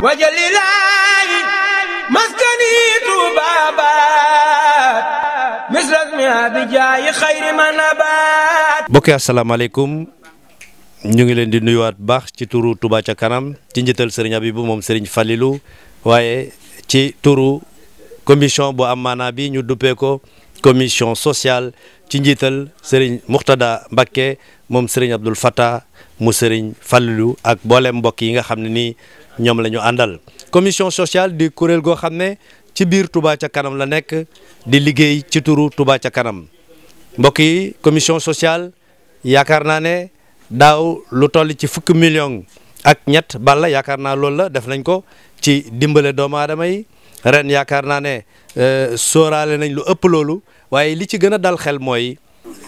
wajalilaayi maskani tuubaabaat ñu ngi leen di nuyuwaat baax ci turu Touba ca kanam ci njëtal sëriñ Abibu moom sëriñ Falilu waaye ci turu commission bu am maanaa bi ñu duppee ko commission sociale ci njiital sëriñ Muxtada mbake moom sëriñ Abdul Fattah mu sëriñ Fallou ak boolem mbokk yi nga xam ne nii ñoom la ñu àndal. commission sociale di kuréel goo xam ne ci biir Touba ca kanam la nekk di liggéey ci turu Touba ca kanam mbokk yi commission sociale yaakaar naa ne daaw lu toll ci fukki million ak ñett balla yaakaar naa loolu la def nañ ko ci dimbale doomu aadama yi ren yaakaar naa ne euh, sóoraale nañ lu ëpp loolu waaye li ci gën a dal xel mooy.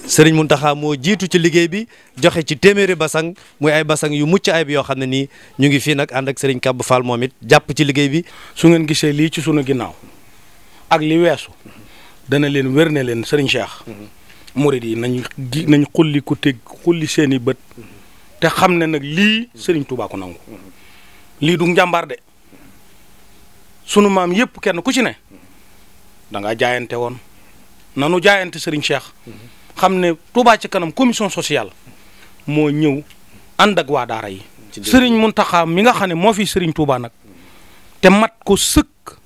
sëriñ mu Mountakha moo jiitu ci liggéey bi joxe ci téeméeri basang muy ay basang yu mucc ayib yoo xam ne nii ñu ngi fii nag ànd ak Serigne Kab Fall moom it jàpp ci liggéey bi. su ngeen gisee lii ci sunu ginnaaw ak li weesu dana leen wér ne leen sëriñ Cheikh. murid yi nañ nañ xulli ku teg xulli seeni bët te xam ne nag lii sëriñ Touba ko nangu lii du njàmbaar de sunu maam yëpp kenn ku ci ne danga ngaa jaayante woon nanu jaayante sëriñ Cheikh. xam ne Touba ci kanam commission sociale moo ñëw ànd ak waa daara yi. sëriñ taxaam mi nga xam ne moo fi sëriñ Touba nag te mat ko sëkk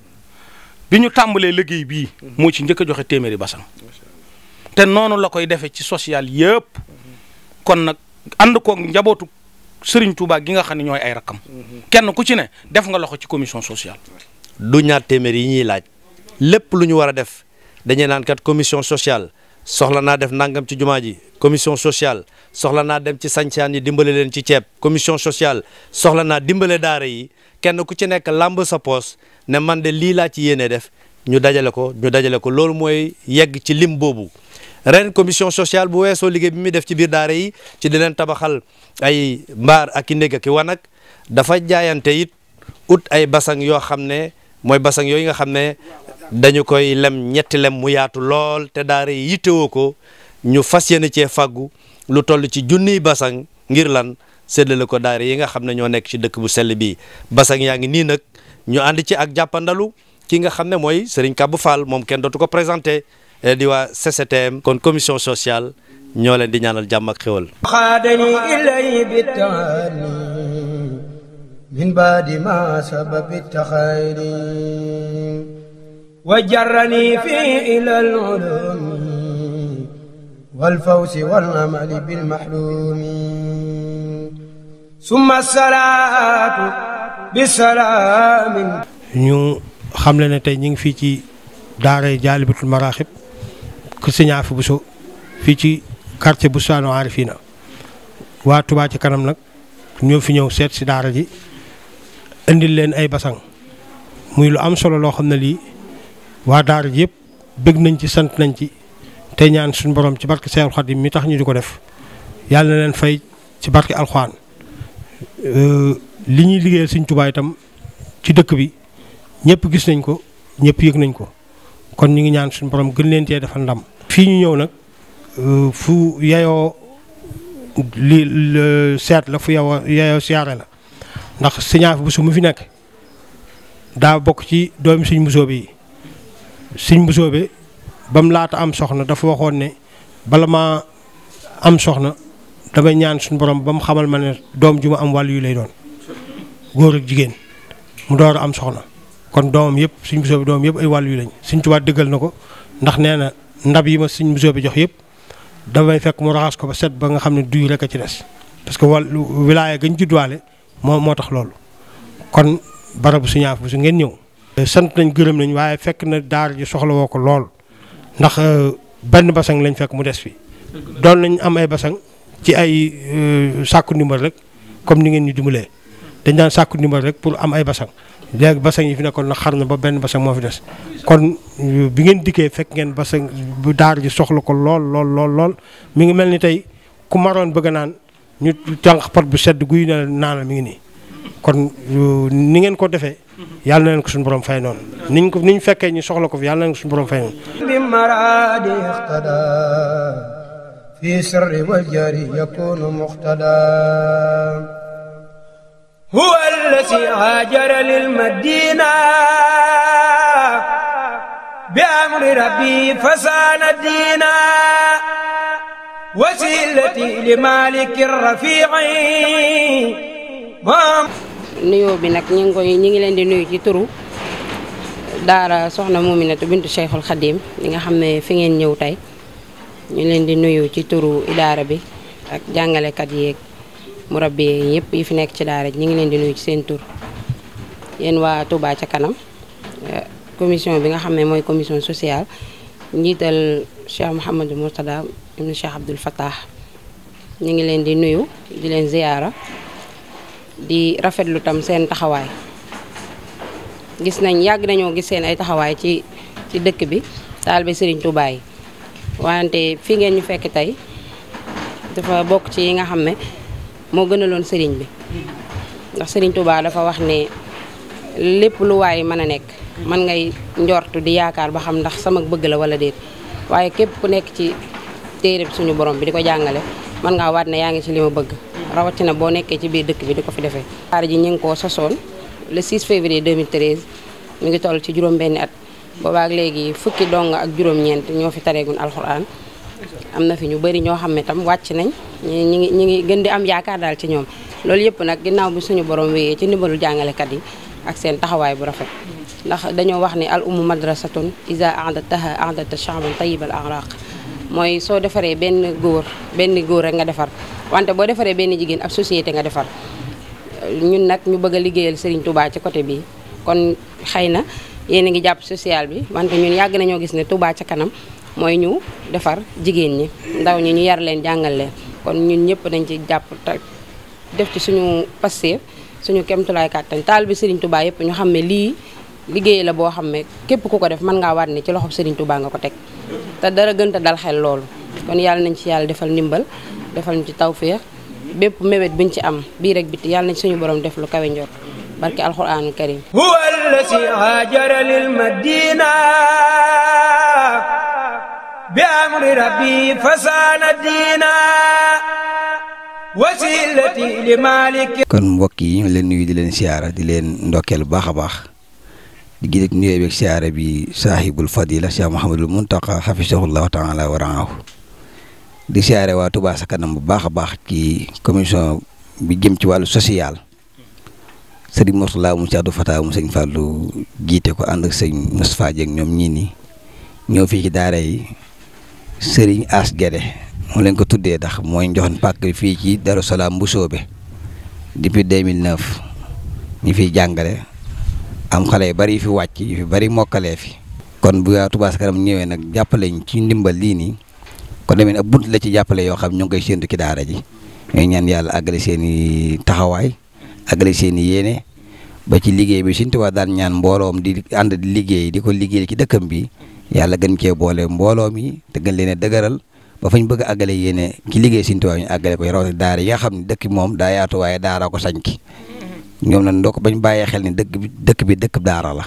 bi ñu tàmbalee liggéey bii moo ci njëkk a joxe téeméeri basang te noonu la koy defee ci sociale yëpp kon nag ànd koog njabootu sëriñ Touba gi nga xam ne ñooy ay rakkam kenn ku ci ne def nga loxo ci commission sociale. du ñaar téeméer yi ñuy laaj lépp lu ñu war a def dañuy naan kat commission sociale. soxla naa def nangam ci jumaa ji commission sociale soxla naa dem ci sancaan yi dimbale leen ci ceeb commission sociale soxla naa dimbale daara yi kenn ku ci nekk làmb sa poos ne man de lii laa ci yéene def ñu dajale ko ñu dajale ko loolu mooy yegg ci lim boobu ren commission sociale bu weesoo liggéey bi muy def ci biir daara yi ci di leen tabaxal ay mbaar ak i néeg ak i wanag dafa jaayante it ut ay basang yoo xam ne mooy basang yooyu nga xam ne dañu koy lem ñetti lem mu yaatu lool te daara yi yittewoo ko ñu fas yéene cee faggu lu toll ci junni basang ngir lan séddale ko daara yi nga xam ne ñoo nekk ci dëkk bu sell bii basang yaa ngi nii nag ñu ànd ci ak jàppandalu ki nga xam ne mooy Serigne Kabou Fall moom kenn dootu ko présenté eh, di waa CCTM kon commission sociale ñoo leen di ñaanal jàmm ak xéwal وجرني فيه إلى العلوم والفوز والأمل بالمحلوم le ne tey ñu ngi fii ci daara jaalibatul maraaxib kër ci quartier Bustaanu Arifina waa Touba ci kanam nag ñoo fi ñëw seet si daara ji indi leen ay basan muy lu am solo loo xam ne lii waa daara ji yëpp bëgg nañ ci sant nañ ci te ñaan suñu borom ci barke Seexul yi mi tax ñu di ko def yàlla na leen fay ci barke alxuraan li ñuy liggéeyal suñ Tuubaa itam ci dëkk bi ñëpp gis nañ ko ñëpp yëg nañ ko kon ñu ngi ñaan suñ borom gën leen tee dafa ndam. fii ñu ñëw nag fu yayoo li seet la fu yayoo yayoo siyaare la ndax Sëñ Aafi Buso mu fi nekk daa bokk ci doomi suñ Buso bi sëñ Mbusoobe ba mu laata am soxna dafa waxoon ne bala maa am soxna damay ñaan suñu borom ba mu xamal ma ne doom ju ma am wàll yu lay doon góor ak jigéen mu door a am soxna kon doomam yëpp sëñ Mbusoobe doomam yëpp ay wàll yu lañ sëñ Tuubaa dëggal na ko ndax nee na ndab yi ma sëñ Mbusoobe jox yëpp damay fekk mu raxas ko ba set ba nga xam ne duy rek a ci des parce que wàllu wilaaya gañ juddwaale moo moo tax loolu kon barabu suñaaf bu su ngeen ñëw sant nañ gërëm nañ waaye fekk na daar ji soxla woo ko lool ndax euh, benn basang lañ fekk mu des fi doon nañ am ay basang ci ay euh, sàkku ndimbal rek comme ni ngeen ñu dimbalee dañ daan sàkku ndimbal rek pour am ay basang léegi basang yi fi nekkoon na xar na ba benn basang moo fi des kon euh, bi ngeen dikkee fekk ngeen basang bu daara ji soxla ko lool lool lool lool mi ngi mel ni tey ku maroon bëgg naan ñu tànq pot bu sedd guy na naanal mi ngi nii kon ni ngeen ko defee yàlla na leen ko suñu borom fay noonu niñ ko niñ fekkee ñu soxla ko fi yàlla na leen ko suñu borom fay noonu bi maraadi ixtada fi sirri wal jari yakunu muqtada huwa allati haajara lil madina bi amri rabbi fasaana diina wasilati li maliki rafiqi nuyoo bi nag ñu ngi ñu ngi leen di nuyu ci turu daara soxna Muminatu bintu Cheikhul Khadim li nga xam ne fi ngeen ñëw tey ñu leen di nuyu ci turu idaara bi ak jàngalekat yeeg murabbi yëpp yi fi nekk ci daara ji ñu ngi leen di nuyu ci seen tur yéen waa Touba ca kanam eh, commission bi nga xam ne mooy commission sociale njiital Cheikh Mouhamadou Mourtada ibn Cheikh Abdoul Fattah ñu ngi leen di nuyu di leen ziyaara di rafetlu tam seen taxawaay gis nañ yàgg nañoo gis seen ay taxawaay ci ci dëkk bi taal bi Serigne Touba yi wante fii ngeen ñu fekk tey dafa bokk ci yi nga xam ne moo gënaloon Serigne bi ndax Serigne Touba dafa wax ne lépp lu waay mën a nekk mën ngay njortu di yaakaar ba xam ndax sama bëgg la wala déet waaye képp ku nekk ci téereb suñu borom bi di ko jàngale mën ngaa waat ne yaa ngi ci li ma bëgg rawatina boo nekkee ci biir dëkk bi di ko fi defee. daara ji ñu ngi koo sosoon le 6 février 2013 mi ngi toll ci juróom-benni at boobaak léegi fukki dong ak juróom-ñeent ñoo fi tareegun alxuraan am na fi ñu bëri ñoo xam ne tam wàcc nañ ñi ngi ñi ngi gën di am yaakaar daal ci ñoom loolu yëpp nag ginnaaw bi suñu borom wéyee ci ndimbalu jàngalekat yi ak seen taxawaay bu rafet. ndax dañoo wax ni al ummu madrasatun isa ahdataha ahdata chaaban tayibal araq mooy soo defaree benn góor benn góor rek nga defar wante boo defaree benn jigéen ab société nga defar ñun nag ñu bëgg a liggéeyal Serigne Touba ci côté bii kon xëy na yéen a ngi jàpp social bi wante ñun yàgg nañoo gis ne Touba ci kanam mooy ñu defar jigéen ñi ndaw ñi ñu yar leen jàngal leen kon ñun ñëpp dañ ci jàpp def ci suñu passeef suñu kemtulaay kàttan taal bi Serigne Touba yëpp ñu xam ne lii liggéey la boo xam ne képp ku ko def mën ngaa war ne ci loxob Serigne Touba nga ko teg te dara gënta dal xel loolu yàlla defal ndimbal defal ñu ci tawféex bépp mébét buñ ci am bii rek biti yàlla nañ suñu borom def lu kawe njort barke alxuraanul karim huwa allazi haajara lil madina bi amri rabbi fasaana diina wasilati li maaliki kon mbokk yi ñu leen nuyu di leen siyaara di leen ndokkeel bu baax a baax di gis nuyoo beeg siyaara bi saahibul fadila Cheikh Mouhamadul Muntaqa xafisahullahu taala wa raahu di siyaare waa tubaa sa kanam bu baax a baax ci commission bi jëm ci wàllu social sëriñ Mourtala mu Caadu Fataa mu sëñ Fallou jiite ko ànd ak sëñ Moustapha Dieng ñoom ñii nii ñëw fii ci daara yi sëriñ As Gede mu leen ko tuddee ndax mooy joxoon pàkk fii ci Darou Salaam bu soobe depuis 2009 ñi fiy jàngale am xale yu bari fi wàcc yu fi bari mokkalee fi kon bu waa Touba sa kanam ñëwee nag jàppaleñ ci ndimbal lii nii. kon demee ne ab bunt la ci jàppale yoo xam ñu ngi koy séntu ci daara ji ñooy ñaan yàlla àggale seeni taxawaay àggale seeni i yéene ba ci liggéey bi Sëñ Tuubaa daan ñaan mbooloom di ànd di liggéey di ko liggéey ci dëkkam bi yàlla gën cee boole mbooloo mi te gën leen a dëgëral ba fañ bëgg a àggale yéene ci liggéey Sëñ Tuubaa ñu àggale ko rawatina daara ya xam ne dëkk moom daa yaatu waaye daara ko sañ ki ñoom na ndoo ko bañ bàyyee xel ni dëkk bi dëkk bi dëkk daara la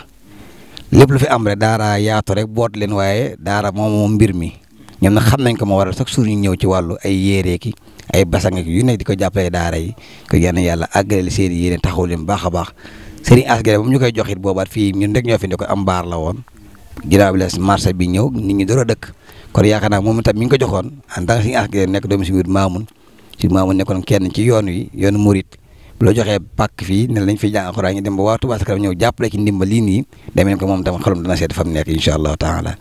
lépp lu fi am rek daara yaatu rek boot leen waaye daara moom mbir mi ñoom na xam nañ ko moo a sax suur ñu ñëw ci wàllu ay yéeree ki ay basang ak yu nekk di ko jàppale daara yi ko yenn yàlla àggale seen yéene taxaw leen baax a baax sëriñ asgare ba mu ñu koy joxit boobaat fii ñun rek ñoo fi ne ko am mbaar la bi ñëw nit ñi door dëkk kon yaakaar naa moom itam mi ngi ko joxoon en tant que sëriñ asgare nekk doomu si wut maamun si maamun nekkoon kenn ci yoon wi yoonu murit loo joxe pàkk fii ne lañ fiy jàng alxuraan ñu dem ba waa Touba Ca Kanam ñëw jàppale ci ndimbal lii nii demeen ko moom tam xolum dana seet fa mu nekk incha allahu taala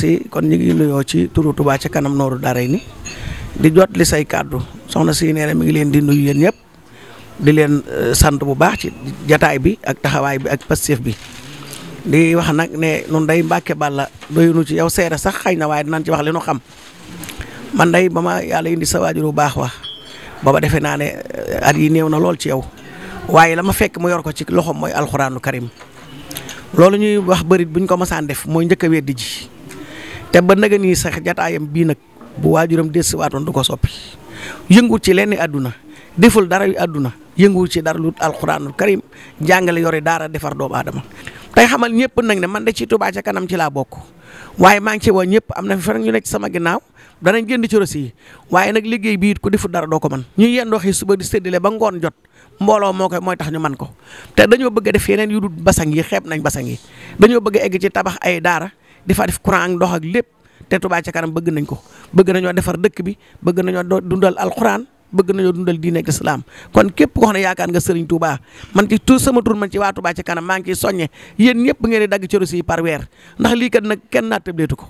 si kon ñu ngi nuyoo ci turu Touba Ca Kanam nooru daaray ni di jot li say kàddu soxna si nee mi ngi leen di nuyu yéen ñëpp di leen eh, sant bu baax ci jataay bi ak taxawaay bi ak pastéef bi di wax nag ne nun day Mbàkke Bàlla doyunu ci yow seere sax xëy na waaye dinañ ci wax li xam man ndey ba ma yàlla indi sa waajur bu baax wax ba defe naa ne eh, at yi néew na lool ci yow waaye la ma fekk mu yor ko ci loxoom mooy alxuraanu karim loolu ñuy wax bërit buñ ko masaan def mooy njëkk a weddi ji te ba naga nii sax jataayam bii nag bu waajuram desuwaatoon du ko soppi yëngu ci lenn àdduna deful dara yu àdduna yëngu ci dara lu alxuraanul karim jàngale yore daara defar doomu aadama tey xamal ñëpp nag ne man de ci Touba ca kanam ci laa bokk waaye maa ngi ci woo ñëpp am na fi ñu nekk sama ginnaaw danañ génn ci rosi yi waaye nag liggéey bi it ku deful dara doo ko man ñu yendoo xëy suba di séddale ba ngoon jot mbooloo moo koy mooy tax ñu man ko te dañoo bëgg a def yeneen yu dul basang yi xeeb nañ basang yi dañoo bëgg egg ci tabax ay daara di fa def courant ak ndox ak lépp te Touba ca kanam bëgg nañ ko bëgg nañoo defar dëkk bi bëgg nañoo dundal alxuraan bëgg nañoo dundal diine ak islaam kon képp ko xam ne yaakaar nga Serigne Touba man ci tout sama tur man ci waa Touba ci kanam maa ngi ciy soññe yéen ñëpp ngeen di dagg ci rosi par weer ndax lii kat nag kenn naattableetu ko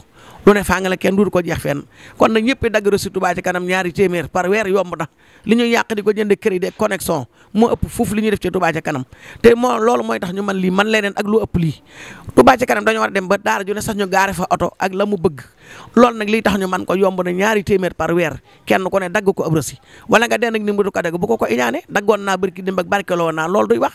lu ne faa nga du kenn duur ko jeex fenn kon nag ñëpp dagg reçu Touba ci kanam ñaari téeméer par weer yomb na li ñuy yàq di ko jënd crédit connexion moo ëpp foofu li ñuy def ci Touba ci kanam te moo loolu mooy tax ñu man lii man leneen ak lu ëpp lii Touba ci kanam dañoo war a dem ba daara ju ne sax ñu gaar fa oto ak la mu bëgg loolu nag liy tax ñu man ko yomb na ñaari téeméer par weer kenn ko ne dagg ko ab reçu wala nga den ak ni mu du ko dagg bu ko ko loolu wax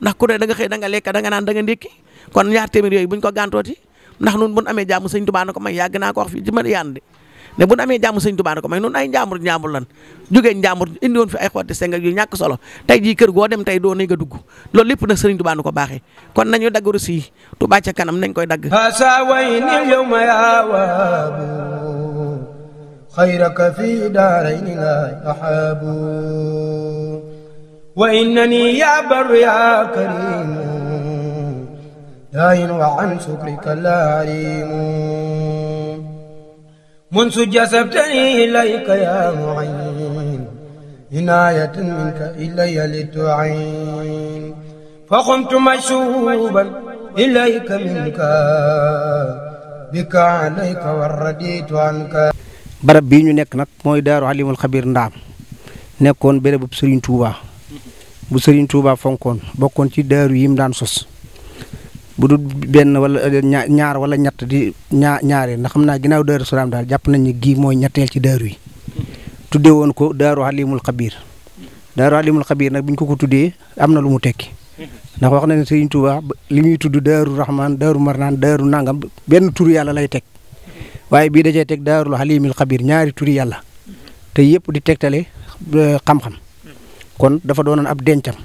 ndax ku ne da nga xëy da nga nga naan da nga ndékki kon ñaar téeméer yooyu buñ ko gàntooti ndax nun bu amee jàmm sëñ Tuubaa ko may yàgg naa ko wax fii ci Mariane de ne bu amee jàmm sëñ Tuubaa na ko may nun ay njàmbur njàmbur lan jógee njàmbur indi woon fi ay xotti seng ak yu solo tey jii kër goo dem tey doo nañ nga dugg loolu lépp nag sëriñ Tuubaa ko baaxee kon nañu dagg rusi yi Tuubaa ca kanam nañ koy dagg xayraka fi daarayni laa yaxaabu wa innani yaa barru yaa kariim دائن وعن شكرك العليم منذ جسبتني إليك يا معين عناية منك إلي لتعين فقمت مشوبا إليك منك بك عليك ورديت عنك barab bii ñu nekk nag mooy daaru alimul xabir ndaam nekkoon béréb bu Serigne Touba bu Serigne Touba fonkoon bokkoon ci daaru yim daan sos bu dul benn wala euh, ñaar wala ñett di ñaar ñaare xam naa ginnaaw Daaru Salaam daal jàpp nañ ne gii mooy ñetteel ci daaru yi. tuddee woon ko Daaru Alimul Xabiir Daaru Alimul Xabiir nag bu ko ko tuddee am na lu mu tekki. ndax wax na ne Sëriñ Tuubaa li ñuy tudd Daaru Rahman Daaru Marnaan Daaru Nangam benn tur yàlla lay teg waaye bii dajee teg Daarul Alimul Xabiir ñaari turi yàlla te yëpp di tegtale euh, xam-xam kon dafa doonoon ab dencam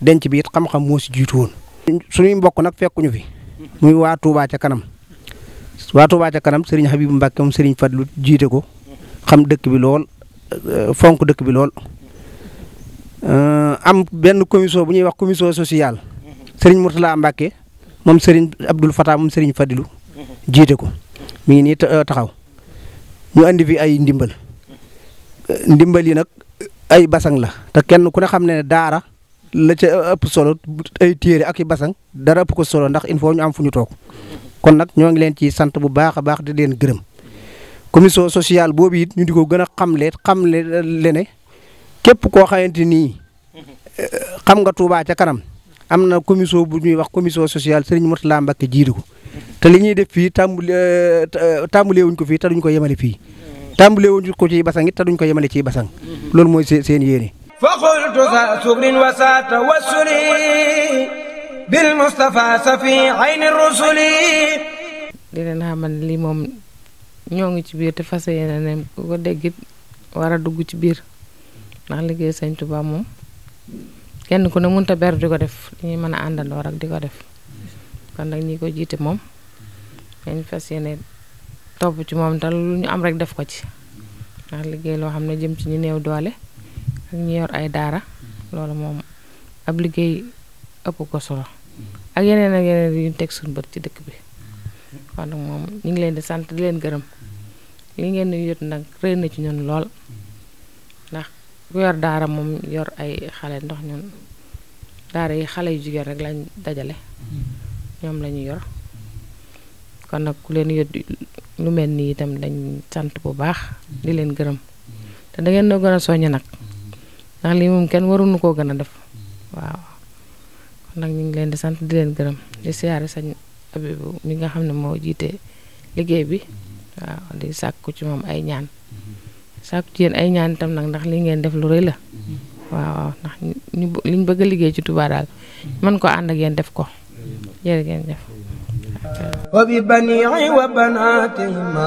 denc bi it xam-xam moo si jiitu woon. suñuy mbokk nag fekkuñu fi muy waa Touba ca waa Touba ca kanam Serigne Habib Mbacke moom Serigne Fadlu jiite ko xam dëkk bi lool euh, fonk dëkk bi lool. Euh, am benn commission bu ñuy wax commission sociale Serigne Mourtala Mbacke moom Serigne Abdoul Fatah moom Serigne Fadilu jiite ko mi ngi euh, taxaw ñu andi fi ay ndimbal ndimbal yi nag ay basang la te kenn ku xam ne daara. la ca solo ay téere ak i basang dara ëpp ko solo ndax il faut ñu am fu ñu toog kon nag ñoo ngi leen ci sant bu baax a baax di leen gërëm commission sociale boobu it ñu di ko gën a xamle xamle lene képp koo xamante ni eh, xam nga Touba ca kanam am na commission bu ñuy wax commission sociale Serigne Mourtala Mbacke jiitu ko te li ñuy def fii tàmbale tàmbalee wuñ ko fii te duñ ko yemale fii tàmbalee wuñ ko ci basang it te duñ ko yemale ci basang loolu mooy seen seen yéene فقلت ذا سكر وساتوسل بالمصطفى صفي عين الرسل di leen xamal ne lii moom ñoo ngi ci biir te fas yéene ko déggit war a dugg ci biir ndax liggéey sëñ Tuubaa moom kenn ku ne mënut a ber di ko def dañuy mën a àndandoo rek di ko def kon nag ñi ko jiite moom dañ fas yéene topp ci moom te lu ñu am rek def ko ci ndax liggéey loo xam ne jëm ci ñu néew doole ñu yor ay daara loolu moom ab liggéey ëpp ko solo ak yeneen ak yeneen yu teg suñu bët ci dëkk bi kon nag moom ñu ngi leen di sant di leen gërëm li ngeen di yot nag rëy na ci ñun lool ndax ku yor daara moom yor ay xale ndox ñun daara yi xale yu jigéen rek lañ dajale ñoom la ñu yor kon nag ku leen yot lu mel nii itam dañ sant bu baax di leen gërëm te da noo gën a soññ nag ndax lii moom kenn waruñu koo gën a def waaw nag ñu ngi leen di sant di leen gërëm di siyaare sañ abibu mi nga xam ne moo jiite liggéey bi waaw di sàkku ci moom ay ñaan sàkku ci yéen ay ñaan itam nag ndax li ngeen def lu rëy la waaw ndax ñu liñ bëgg a liggéey ci Touba daal mën ko ànd ak yéen def ko jërë ngeen def وببنيع وبناتهما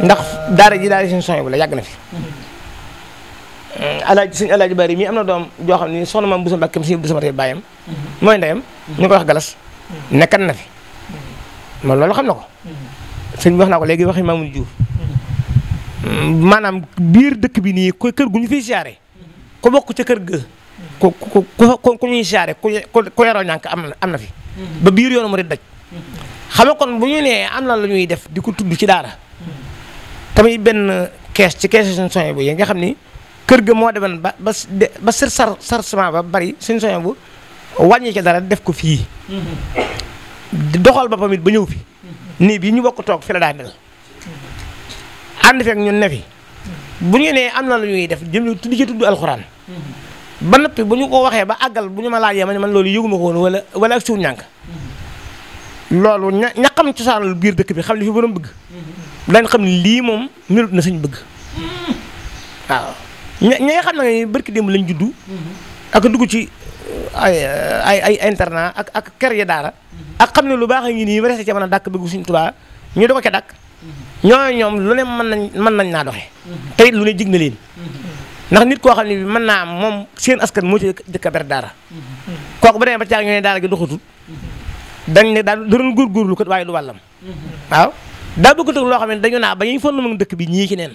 ndax daara ji daara suñu soñ bu la yàgg na fi mm-hmm. mm, alaaji suñu alaaji bari mii am na doom joo xam ni soxna maam bu ba mbàkkam suñu bu sa matee bàyyam mm-hmm. mooy ndeyam ñu koy wax galas mm-hmm. nekkan na fi ma loolu xam na ko sëñ bi wax naa ko léegi waxi Mamoun Diouf maanaam biir dëkk bi nii ko kër gu ñu fiy siyaare ku bokk ca kër ga ku ku ko ku ñuy siyaare ku ku yaroo ñànk am na am na fi ba biir yoonu mu daj xam kon bu ñu nee am na lu def di ko tudd ci daara tamit benn kees ci kees suñu soñe bu yi nga xam ni kër ga moo demoon ba ba ba sar sar sarcement ba bari suñu soñe bu wàññi ci dara def ko fii mm-hmm. doxal ba pamit ba ñëw fi mm-hmm. nii bi ñu bokk toog fi la daa mel mm-hmm. ànd fekk ñun ne fi bu ñu nee am na lu ñuy def jëm ñu tudd alxuraan ba noppi bu ñu ko waxee ba àggal bu ñu ma laajee ma ne man loolu yëguma ko woon wala wala ak suuf ñànk loolu ña ña xam cosaanul biir dëkk bi xam li fi borom bëgg daañu xam ne lii moom melut na suñ bëgg waaw ña ña nga xam ne barki démb lañ juddu ak dugg ci euh, ay euh, ay ay internat ak ak kër ya daara ak xam ne lu baax a ngi nii ba resté ca mën a dàkk bëggu suñ tubaa ñu di ko ca dàkk ñooñu ñoom lu ne mën nañ mën nañ naa doxee te it lu ne jig na leen ndax nit koo xam ne bi mën naa am moom seen askan moo ci dëkk ber daara kooku ba demee ba caag ñoo ne daara gi doxatul dañ ne daal doon góorgóorlu kat waaye du wàllam waaw daa bëgg tëgg loo xam ne dañu naa ba ñuy fon na dëkk bi ñu ci neen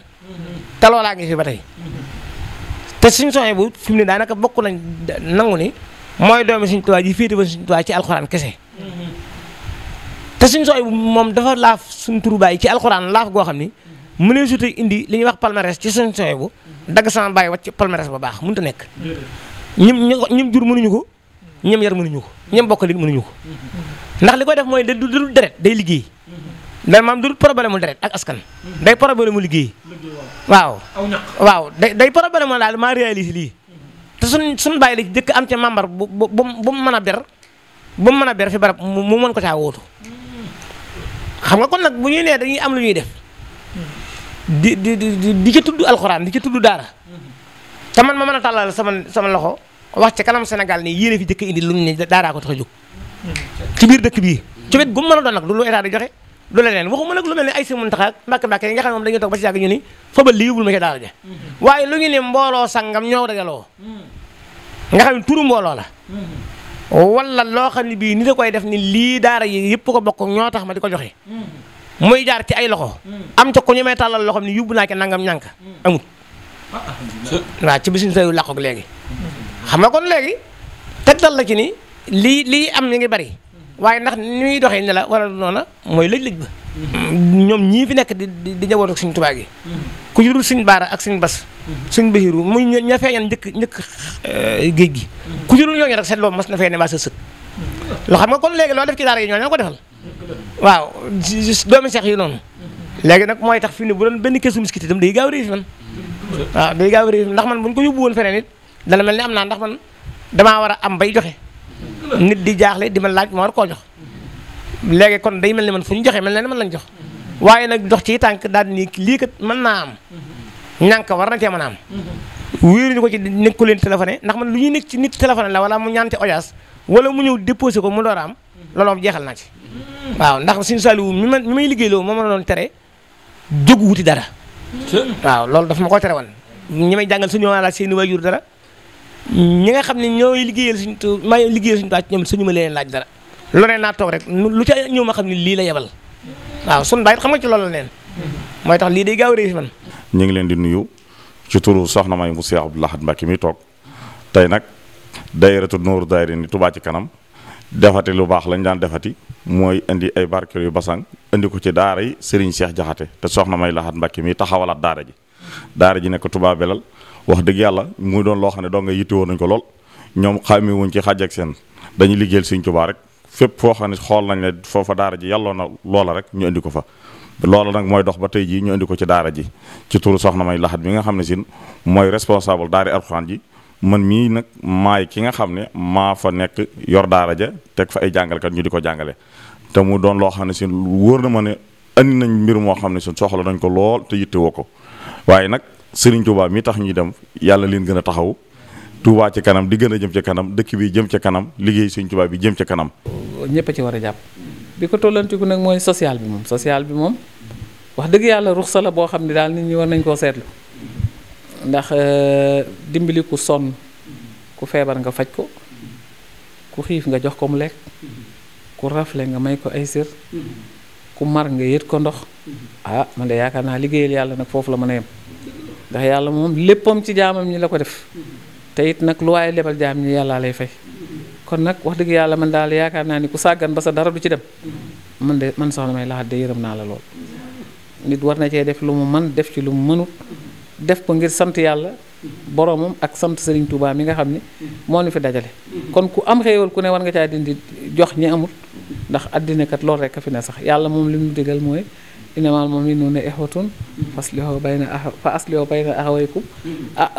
te loolaa ngi fi ba tey te suñu soxee bu fi mu ne daanaka bokk nañ nangu ni mooy doomi siñ tubaab yi féete ba suñu tubaab ci alxuraan kese te suñu soxee bu moom dafa laaf suñu turubaay ci alxuraan laaf goo xam ni mu ne sute indi li ñuy wax palmarès ci suñu soxee bu dagg sama bàyyi wàcc palmarès ba baax mun a nekk ñim ñim jur mënuñu ko ñim yar mënuñu ko ñim bokk li mënuñu ko ndax li koy def mooy da du deret day liggéey da maam du problème mu deret ak askan day problème mu liggéey waaw waaw day day problème mu daal maa réalise lii te suñ suñ la ci am ca membre bu bu bu mën a ber bu mu mën a ber fi barab mu mën ko caa wóotu xam nga kon nag bu ñuy nee dañuy am lu ñuy def di di di ci tudd alxuraan di ci tudd daara te mën a tàllal sama sama loxo wax ci kanam Sénégal nii yéene fi jëkk indi lu ñu ne daaraa ko tax a jóg ci biir dëkk bii ci wet gu mu mën a doon nag du lu état di lu leneen waxuma nag lu mel ne ay si mun tax ak mbàkk-mbàkk yi nga xam ne moom dañuy toog ba si yàgg ñu ni fabal lii bul ma ci daara ja mm-hmm. waaye lu ñu ne mbooloo sangam ñoo dajaloo mm-hmm. nga xam ne turu mbooloo la mm-hmm. wala loo xam ne bii ni da koy def ni lii daara yi yëpp ko bokk ñoo tax ma di ko joxe muy jaar ci ay loxo am ca ku ñu may tàllal loxo ni yóbbu naa ke nangam ñànk amut ah, waaw ci bisin sayu làqoog léegi xam nga kon léegi tegtal la ci ni lii lii am ñu ngi bari waaye ndax ni muy doxee ne la wala noona mooy lëj-lëj ba ñoom ñii fi nekk di di njaboot ak suñ tubaa gi ku ci dul suñ baara ak suñ bas suñ basiru muy ña feeñan njëkk njëkk eh, géej gi ku ci dul ñooñu rek seet loo mas na fee ne waa sa sët loo xam nga kon léegi loo def ci daara yi ñoo ñoo ko defal waaw doomi seex yi noonu léegi nag mooy tax fi ne bu doon benn keesu miskit itam day gaaw a réer man waaw day gaaw a réer ndax man buñ ko yóbbu woon feneen it dana mel ni am naa ndax man damaa war a am bay joxe nit di jaaxle di ma laaj ma war koo jox léegi kon day mel ni man fu ñu joxee mel ne man lañ jox waaye nag dox ci tànk daal ni lii kat mën naa am ñànk war na cee mën a am ko ci nekk ku leen téléphoné ndax ma lu ñu nekk ci nit téléphoné la wala mu ñaante audience wala mu ñëw déposé ko mu door a am looloo jeexal naa ci waaw ndax suñu Saliou mi ma mi may liggéeyloo moom la doon tere jóg wuti dara waaw loolu daf ma ko tere woon ñi may jàngal suñu wàllu seen i waajur dara ñi nga xam ne ñooy liggéeyal suñu tu may liggéeyal suñu tubaab ñoom suñu ma leen laaj dara lu naa toog rek lu ca ñëw ma xam ne lii la yebal waaw suñu baay it xam nga ci loolu la neen mooy tax lii day gaaw réew man ñu ngi leen di nuyu ci turu soxna may mu Cheikh Abdou mbakki Mbacké toog tey nag daayiratu Nuuru ni Touba ci kanam defati lu baax lañ daan defati mooy indi ay barkeel yu basang indi ko ci daara yi Serigne Cheikh Jaxate te soxna may Lahad Mbacké mi taxawalaat daara ji daara ji nekk Touba Belal wax dëgg yàlla muy doon loo xam ne doo nga yittewoo nañ ko lool ñoom xàmme wuñ ci xàjj ak seen dañuy liggéeyal Sëriñ Tuubaa rek fépp foo xam ne xool nañ ne foofa daara ji yàlloo na loola rek ñu indi ko fa loolu nag mooy dox ba tey jii ñu indi ko ci daara ji ci turu soxna may laxat bi nga xam ne sin mooy responsable daari alxuraan ji man mii nag maay ki nga xam ne maa fa nekk yor daara ja teg fa ay jàngalekat ñu di ko jàngale te mu doon loo xam ne sin wóor na ma ne andi nañ mbir moo xam ne sun soxla nañ ko lool te yittewoo ko waaye nag Serigne Touba mi tax ñuy dem yàlla leen gën a taxaw Touba ci kanam di gën a jëm ca kanam dëkk bi jëm ca kanam liggéey Serigne Touba bi jëm ca kanam. ñëpp a ci war a jàpp bi ko tollantiku nag mooy sociale bi moom social bi moom wax dëgg yàlla ruxsa la boo xam ne daal nit ñi war nañ koo seetlu ndax euh, dimbali ku sonn ku feebar nga faj ko ku xiif nga jox ko mu lekk ku rafle nga may ko ay sër ku mar nga yët ko ndox ah man de yaakaar naa liggéeyal yàlla nag foofu la mën a yem. ndax yàlla moom léppam ci jaamam ñi la ko def te it nag lu waaye lebal jaam ñi yàllaa lay fay kon nag wax dëgg yàlla man daal yaakaar naa ni ku sàggan ba sa dara du ci dem man de man soxna may laxat de yërëm naa la lool nit war na cee def lu mu mën def ci lu mu mënut def ko ngir sant yàlla boromam ak sant Serigne Touba mi nga xam ne moo ñu fi dajale kon ku am xéewal ku ne war nga caa dindi jox ñi amul ndax àddina kat loolu rek a fi ne sax yàlla moom li mu digal mooy innamal mu'minuuna ixwatun faslihu bayna ax fa aslihu bayna axawaykum mm-hmm. ah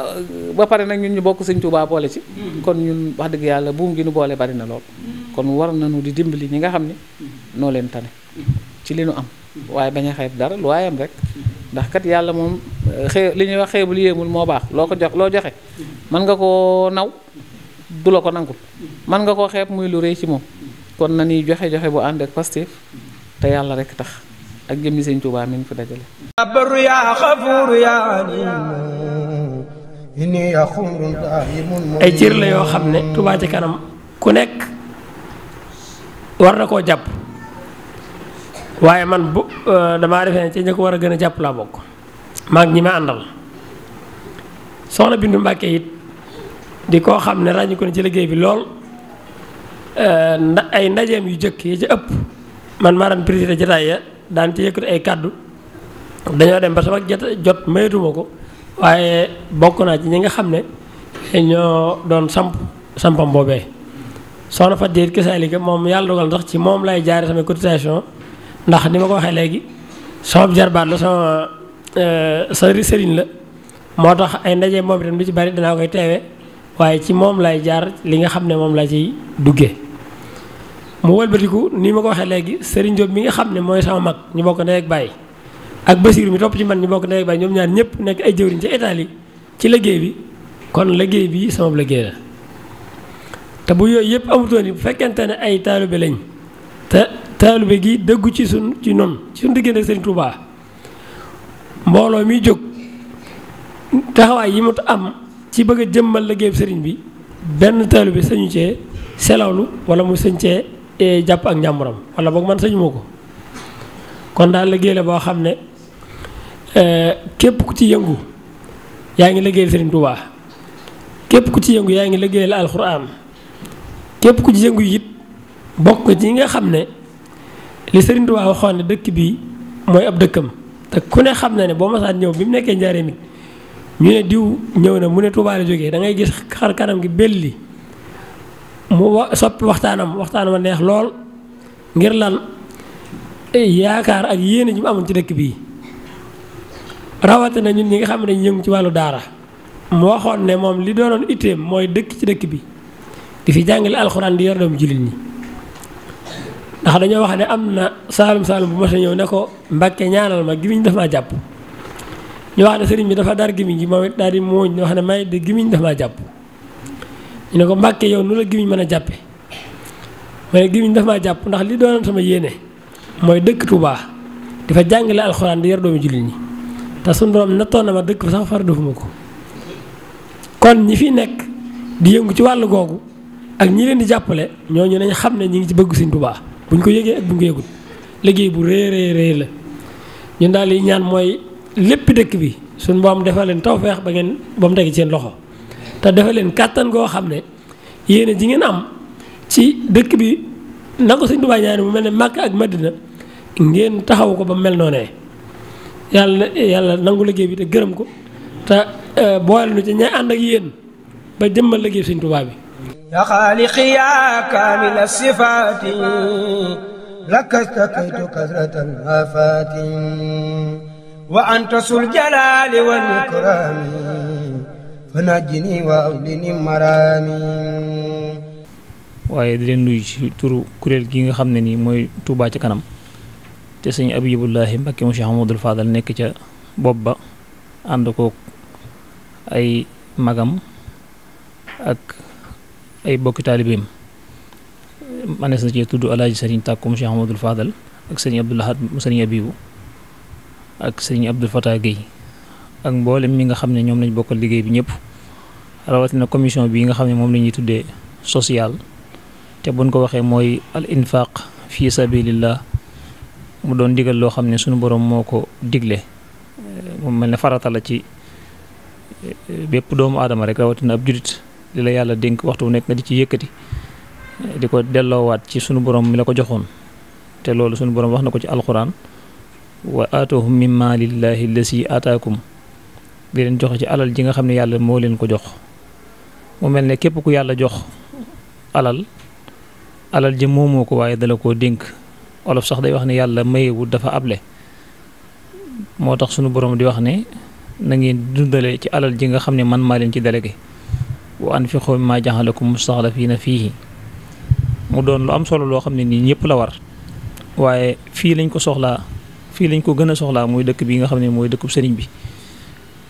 ba pare nag ñun ñu bokk sëñ Tuubaa boole ci mm-hmm. kon ñun wax dëgg yàlla buum gi ñu boole bari na lool mm-hmm. kon war nañu di dimbali ñi nga xam ne noo leen tane ci li nu am waaye bañ a xeeb dara lu waayam rek ndax kat yàlla moom eh, xee li ñuy wax xeebul yéemul moo baax loo ko jox loo joxe mën nga koo naw du la ko nangul mën nga koo xeeb muy lu rëy ci moom kon na ñuy joxe joxe bu ànd ak pastif te yàlla rek tax ak jëmmi sëñ Tuubaa mi fi dajale ay cër la yoo xam ne Tuubaa ci kanam ku nekk war na koo jàpp waaye man bu euh, damaa defee ne ci ñi ko war a gën a jàpp bokk maag ñi ma àndal soxna di koo xam ne ràññi ci liggéey bi lool euh, ay ndajeem yu jëkk yi ci ëpp man maa daan président jataay daan ci yëkkati ay kàddu dañoo dem ba sama jot jot maytuma ko waaye bokk naa ci ñi nga xam ne ñoo doon samp sampam boobee soxna Fatou Diagne Kisaalika moom yàlla dogal ndax ci moom lay jaar sama cotisation ndax ni ma ko waxee léegi sama jarbaat la sama euh, sëri sëriñ la moo tax ay ndaje moom lu ci bari danaa koy teewee waaye ci moom lay jaar li nga xam ne moom la ciy duggee. mu wëlbatiku ni ma ko waxee léegi Serigne Diop mi nga xam ne mooy sama mag ñu bokk ndey ak baay ak Basiir mi topp ci man ñu bokk ndey ak baay ñoom ñaar ñëpp nekk ay jëwriñ ci Italie ci liggéey bi kon liggéey bi sama liggéey la te bu yooyu yëpp amutoon ni fekkente ne ay taalibe lañ te taalibe gi dëggu ci sun ci noonu ci suñ diggante ak mbooloo mi jóg taxawaay yi mu am ci bëgg a jëmmal liggéey sëriñ bi benn taalibe sañu ci selawlu wala mu sañ cee jàpp ak njàmburam wala boog man sañuma ko kon daal liggéey la boo xam ne eh, képp ku ci yëngu yaa ngi liggéeyal Serigne Touba képp ku ci yëngu yaa ngi liggéeyal alxuraan képp ku ci yëngu it bokk ci nga xam ne li Serigne Touba waxoon ne dëkk bi mooy ab dëkkam te ku ne xam na ne boo masaan ñëw bi mu nekkee njaareem it ñu ne diw ñëw ne mu ne Touba la jógee da ngay gis xar kanam gi belli mu soppi waxtaanam waxtaanam neex lool ngir lan yaakaar ak yéene ji mu amoon ci dëkk bii rawatina ñun ñi nga xam ne dañuy yëngu ci wàllu daara mu waxoon ne moom li doonoon itteem mooy dëkk ci dëkk bi di fi jàngale alxuraan di yor doomu jullit ñi ndax dañoo wax ne am na saalum saalum bu ma ñëw ne ko mbàkke ñaanal ma gimiñ daf maa jàpp ñu wax ne sëriñ bi dafa dar gimiñ gi moom it di muuñ wax ne may de gimiñ daf maa jàpp ñu ne ko mbàkke yow nu la gimiñ mën a jàppe ma ne gimiñ daf maa jàpp ndax li doonoon sama yéene mooy dëkk Tuubaa di fa jàngale alxuraan di yar doomu jullit ñi te suñu borom nattoon na ma dëkk fa far defuma ko kon ñi fi nekk di yëngu ci wàllu googu ak ñi leen di jàppale ñooñu nañ xam ne ñi ngi ci bëgg Sëñ Tuubaa bu ñu ko yëgee ak bu bu rëy rëy la ñun daal li ñaan mooy lépp dëkk bi suñu boom defal leen tawfeex ba ngeen ba mu teg ci seen loxo te dafa leen kàttan goo xam ne yéene ji ngeen am ci dëkk bi na ko sëñ Tuubaa ñaane mu mel ne Màkka ak Madina ngeen taxaw ko ba mel noonee yàlla yàlla nangu liggéey bi te gërëm ko te eh, boole nu ci ña ànd ak yéen ba jëmmal liggéey sëñ Tuubaa bi ya xaaliqi yaa sifaati laka stakaytu kasratan afaati wa anta sul jalaali wal ونجني وأولني مرامي waaye di leen nuyu ci turu kuréel gi nga xam ne nii mooy Touba ci kanam te sëñ Abibullahi Mbakke mu Cheikh Amadou Fadal nekk ca bopp ba ànd kook ay magam ak ay bokki taalibeem manees na cee tudd alaaji sëriñ tàkku mu Cheikh Amadou Fadal ak sëriñ Abdou Lahad mu sëriñ ak sëriñ Abdou Fatah Guèye ak mboolem mi nga xam ne ñoom lañ bokkal liggéey bi ñëpp rawatina commission bi nga xam ne moom la ñuy tuddee social te buñ ko waxee mooy al infaq fi sabilillah mu doon digal loo xam ne suñu boroom moo ko digle mu mel na faratala ci bépp doomu adama rek rawatina ab jurit li la yàlla dénk waxtu nekk nga di ci yëkkati di ko delloowaat ci sunu borom mi la ko joxoon te loolu sunu borom wax na ko ci alxuraan wa aatoohum min maalillahi lasi ataakum di leen joxe ci alal ji nga xam ne yàlla moo leen ko jox mu mel ne képp ku yàlla jox alal alal ji moomoo ko waaye dala koo dénk olof sax day wax ne yàlla mayewul dafa able moo tax sunu borom di wax ne na ngeen dundale ci alal ji nga xam ne man maa leen ci délégué wa anfiqu mimmaa ja'alakum mustaxlafiina fiihi mu doon lu am solo loo xam ne nii ñëpp la war waaye fii lañ ko soxlaa fii lañ ko gën a soxlaa mooy dëkk bi nga xam ne mooy dëkkub sëriñ bi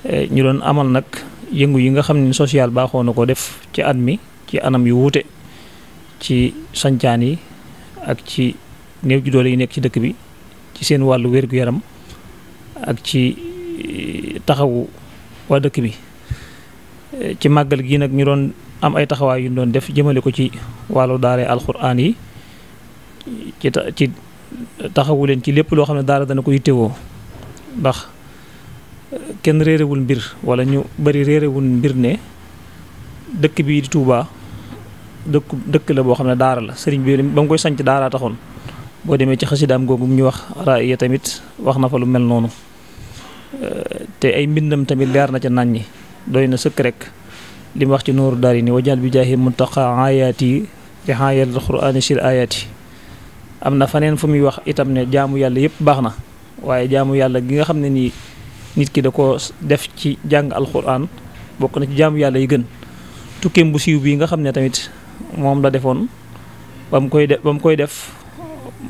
eh, ñu doon amal nag yëngu yi nga xam ne social baaxoo na ko def ci at mi ci anam yu wuute ci sancaan yi ak ci néew ju doole yi nekk ci dëkk bi ci seen wàllu wér yaram ak ci eh, taxawu waa dëkk bi eh, ci màggal gii nag ñu doon am ay taxawaay yuñ doon def jëmale ko ci wàllu daare alxuraan yi ci taxawu leen ci lépp loo xam ne daal dana koy yittewoo ndax kenn réerewul mbir wala ñu bari réerewul mbir ne dëkk bii di tuuba dëkk dëkk la boo xam ne daara la sëriñ bi ba mu koy sanc daara taxoon boo demee ci xasidaam googu mu ñu wax raaya tamit wax na fa lu mel noonu te ay mbindam tamit leer na ca nañ ñi doy na sëkk rek li mu wax ci nooru daari ni wajal bi jaahi muntaqa ayaati rihaayal qur'aani sir ayaati am na faneen fu muy wax itam ne jaamu yàlla yëpp baax na waaye jaamu yàlla gi nga xam ne nii nit ki da ko def ci jàng alxuraan bokk na ci jaamu yàlla yi gën tukkeem bu siiw bii nga xam ne tamit moom la defoon ba mu koy def ba mu koy def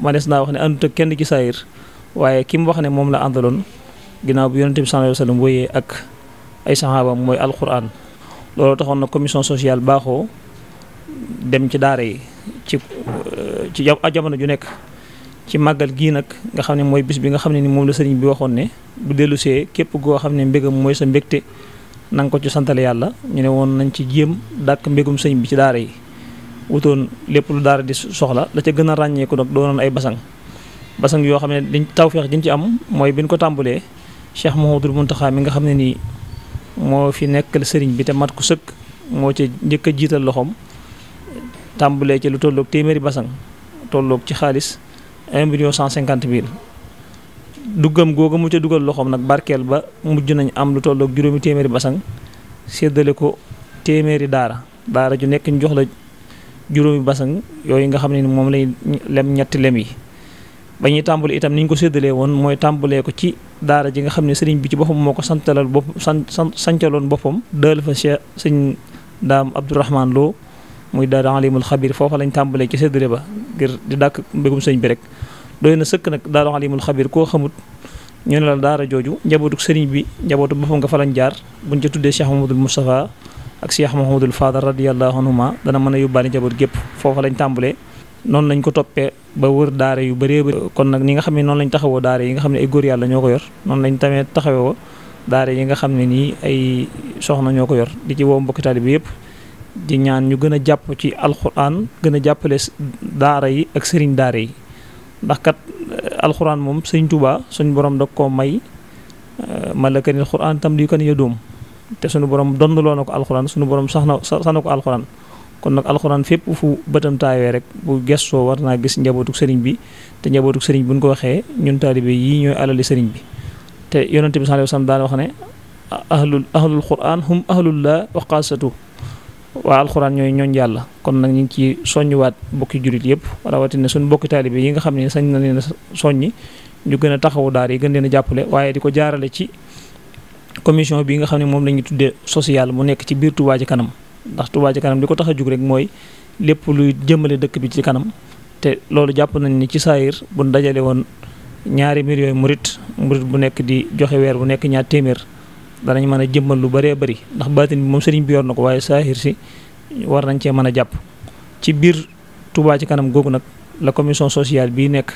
manees naa wax ne àndut ak kenn ci saayir waaye ki mu wax ne moom la àndaloon ginnaaw bi yonente bi sallallahu alayhi wasallam ak ay saxaabam mooy alxuraan loolu taxoon na commission sociale baaxoo dem ci daara yi ci ci jamono ju nekk ci màggal gii nag nga xam ne mooy bis bi nga xam ne ni moom la sëriñ bi waxoon ne bu dellusee képp goo xam ne mbégam mooy sa mbégte nanga ko ci santale yàlla ñu ne woon nañ ci jéem dàkk mbégum sëñ bi ci daara yi wutoon lépp lu daara di soxla la ca gën a ràññeeku nag doonoon ay basang basang yoo xam ne dañ tawfeex diñ ci am mooy biñ ko tàmbalee Cheikh Mouhamadoul Mountakha mi nga xam ne nii moo fi nekkal sëriñ bi te mat ku sëkk moo ci njëkk a jiital loxoom tàmbalee ci lu tolloog téeméeri basang tolloog ci xaalis un cent cinquante mille duggam googu mu ca dugal loxoom nag barkeel ba mujj nañ am lu tolloog juróomi téeméeri basang séddale ko téeméeri daara daara ju nekk ñu jox la juróomi basang yooyu nga xam ne moom lay lem ñetti lem yi ba ñuy tàmbali itam ni ko séddalee woon mooy tàmbalee ko ci daara ji nga xam ne sëriñ bi ci boppam moo ko santalal bopp san sancaloon boppam daal fa sëñ daam Abdourahman Lo muy daara alimul xabir foofa lañ tàmbalee ci séddale ba ngir di dàkk mbégum sëñ bi rek doy na sëkk nag daara alimul xabiir koo xamut ñu ne la daara jooju njabootu sëriñ bi njabootu boppam nga fa lañ jaar buñ ci tuddee Cheikh Mamadul Moustapha ak Cheikh Mahamadul Fadal radiallahu anhuma dana mën a yóbbaale njaboot gépp foofa lañ tàmbalee noonu lañ ko toppee ba wër daara yu bëree bëri kon nag ñi nga xam ne noonu lañ taxawoo daara yi nga xam ne ay góor yàlla ñoo ko yor noonu lañ tamee taxawoo daara yi nga xam ne nii ay soxna ñoo ko yor di ci woo mbokki taalibe bi yëpp di ñaan ñu gën a jàpp ci alxuraan gën a jàppale daara yi ak sëriñ daara yi ndax kat eh, alxuraan moom sëriñ Tuubaa suñu borom da koo may eh, malakanil xuraan tam di kan ya doom te suñu borom donnaloo na ko alxuraan suñu borom sax na sax ko alxuraan kon nag alxuraan fépp fu bëtam taawee rek bu gestoo war naa gis njabootuk sëriñ bi te njabootuk sëriñ bi buñ ko waxee ñun taalibe yii ñooy alali sëriñ bi te yonente bi sallallahu alayhi wasallam daan wax ne ahlul ahlul quraan waa alxuraan ñooy ñooñ yàlla kon nag ñu ngi ci soññiwaat bokki jurit yëpp rawatina suñu bokki taalibe yi nga xam ne sañ na leen soññi ñu gën a taxawu daal yi gën leen a jàppale waaye di ko jaarale ci commission bi nga xam ne moom la ñuy tuddee social mu nekk ci biir Touba ci kanam ndax Touba ci kanam di ko tax a jug rek mooy lépp luy jëmale dëkk bi ci kanam te loolu jàpp nañ ni ci saayir bu dajale woon ñaari millions murit murit bu nekk di joxe weer bu nekk ñaar téeméer danañ mën a jëmmal lu baree bëri ndax baatin bi moom sëriñ bi yor na ko waaye saahir si war nañ cee mën a jàpp ci biir Touba ci kanam googu nag la commission sociale bii nekk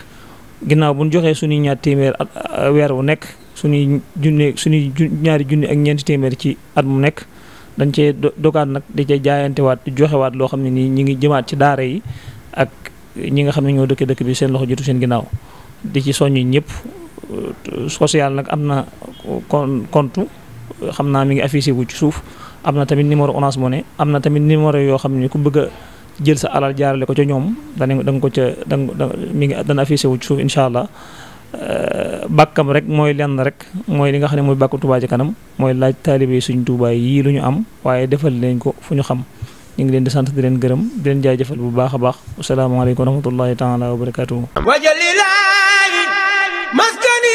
ginnaaw bu ñu joxee suñuy ñaar téeméer at euh, weer wu nekk suñuy junne suñuy ñaari junne ak ñeenti téeméer ci at mu nekk dañ cee dogaat nag di cee jaayantewaat joxewaat loo xam ne nii ñi ngi jëmaat ci daara yi ak ñi nga xam ne ñoo dëkk dëkk bi seen loxo jiitu seen ginnaaw ci soññ ñëpp euh, nag am na compte xam naa mi ngi affiché wu ci suuf am na tamit numéro Orange Money am na tamit numéro yoo xam ne ku bëgg a jël sa alal jaarale ko ca ñoom danañ da ko ca da nga mi ngi dana affiché wu suuf incha allah bàkkam rek mooy lenn rek mooy li nga xam ne mooy bàkku Touba ci Kanam mooy laaj taalibe suñ Touba yii lu ñu am waaye defal leen ko fu ñu xam ñu ngi leen di sant di leen gërëm di leen jafal bu baax a baax asalaamaaleykum wa rahmatullahi taala wa barakatuhu wajalilaay maskani